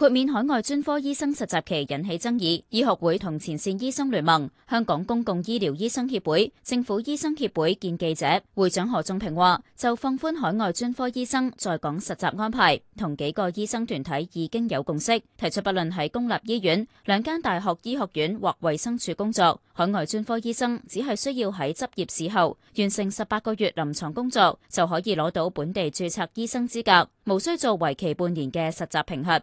豁免海外專科醫生實習期引起爭議，醫學會同前線醫生聯盟、香港公共醫療醫生協會、政府醫生協會見記者。會長何仲平話：就放寬海外專科醫生在港實習安排，同幾個醫生團體已經有共識，提出不論喺公立醫院、兩間大學醫學院或衛生署工作，海外專科醫生只係需要喺執業試後完成十八個月臨床工作，就可以攞到本地注冊醫生資格，無需做為期半年嘅實習評核。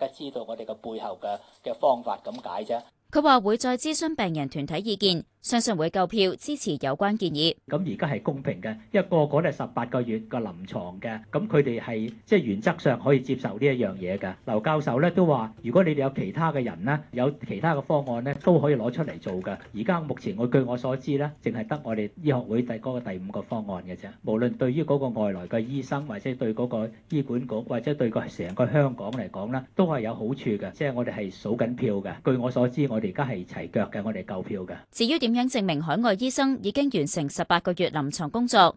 大家知道我哋嘅背後嘅嘅方法咁解啫。佢話會再諮詢病人團體意見。相信會夠票支持有關建議。咁而家係公平嘅，一個個都係十八個月個臨床嘅，咁佢哋係即係原則上可以接受呢一樣嘢嘅。劉教授咧都話，如果你哋有其他嘅人啦，有其他嘅方案呢都可以攞出嚟做噶。而家目前我據我所知咧，淨係得我哋醫學會第嗰個第五個方案嘅啫。無論對於嗰個外來嘅醫生，或者對嗰個醫管局，或者對個成個香港嚟講啦，都係有好處嘅。即係我哋係數緊票嘅。據我所知，我哋而家係齊腳嘅，我哋夠票嘅。至於點？點樣證明海外醫生已經完成十八個月臨床工作？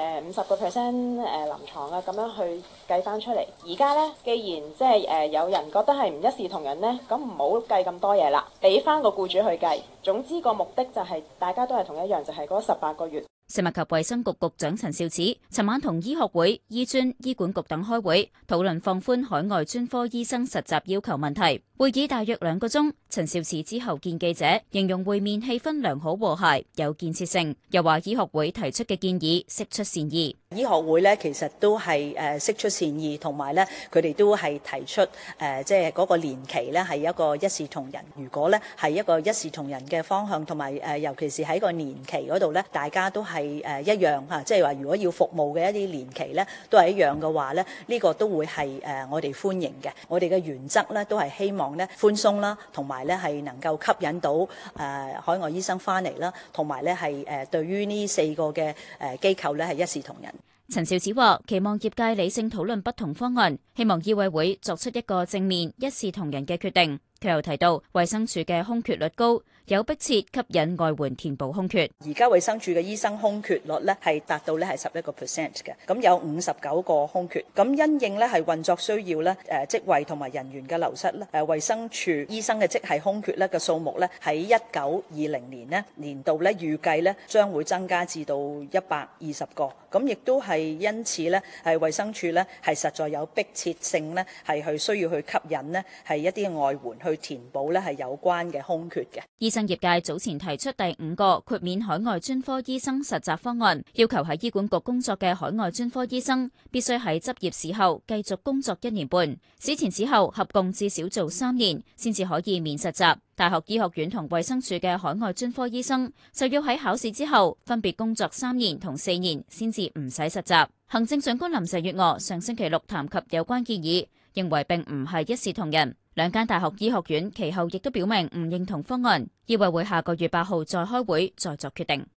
誒五十個 percent 誒臨床啊，咁樣去計翻出嚟。而家呢，既然即係誒有人覺得係唔一視同仁呢，咁唔好計咁多嘢啦，俾翻個僱主去計。總之個目的就係、是、大家都係同一樣，就係嗰十八個月。食物及衛生局局長陳肇始，尋晚同醫學會、醫專、醫管局等開會，討論放寬海外專科醫生實習要求問題。會議大約兩個鐘。陳肇始之後見記者，形容會面氣氛良好和諧，有建設性，又話醫學會提出嘅建議釋出善意。醫學會咧，其實都係誒釋出善意，同埋咧，佢哋都係提出誒，即係嗰個年期咧，係一個一視同仁。如果咧係一個一視同仁嘅方向，同埋誒，尤其是喺個年期嗰度咧，大家都係誒一樣吓，即係話如果要服務嘅一啲年期咧，都係一樣嘅話咧，呢個都會係誒我哋歡迎嘅。我哋嘅原則咧，都係希望咧寬鬆啦，同埋咧係能夠吸引到誒海外醫生翻嚟啦，同埋咧係誒對於呢四個嘅誒機構咧係一視同仁。陳肇始話：期望業界理性討論不同方案，希望醫委會作出一個正面、一視同仁嘅決定。佢又提到，衛生署嘅空缺率高。有迫切吸引外援填補空缺。而家衞生署嘅醫生空缺率咧係達到咧係十一個 percent 嘅，咁有五十九個空缺。咁因應咧係運作需要咧，誒職位同埋人員嘅流失咧，誒衞生署醫生嘅職系空缺咧嘅數目咧喺一九二零年咧年度咧預計咧將會增加至到一百二十個。咁亦都係因此咧係衞生署咧係實在有迫切性咧係去需要去吸引咧係一啲外援去填補咧係有關嘅空缺嘅。醫生業界早前提出第五個豁免海外專科醫生實習方案，要求喺醫管局工作嘅海外專科醫生必須喺執業試後繼續工作一年半，試前試後合共至少做三年，先至可以免實習。大學醫學院同衛生署嘅海外專科醫生就要喺考試之後分別工作三年同四年，先至唔使實習。行政長官林鄭月娥上星期六談及有關建議，認為並唔係一視同仁。兩間大學醫學院其後亦都表明唔認同方案，醫委會下個月八號再開會，再作決定。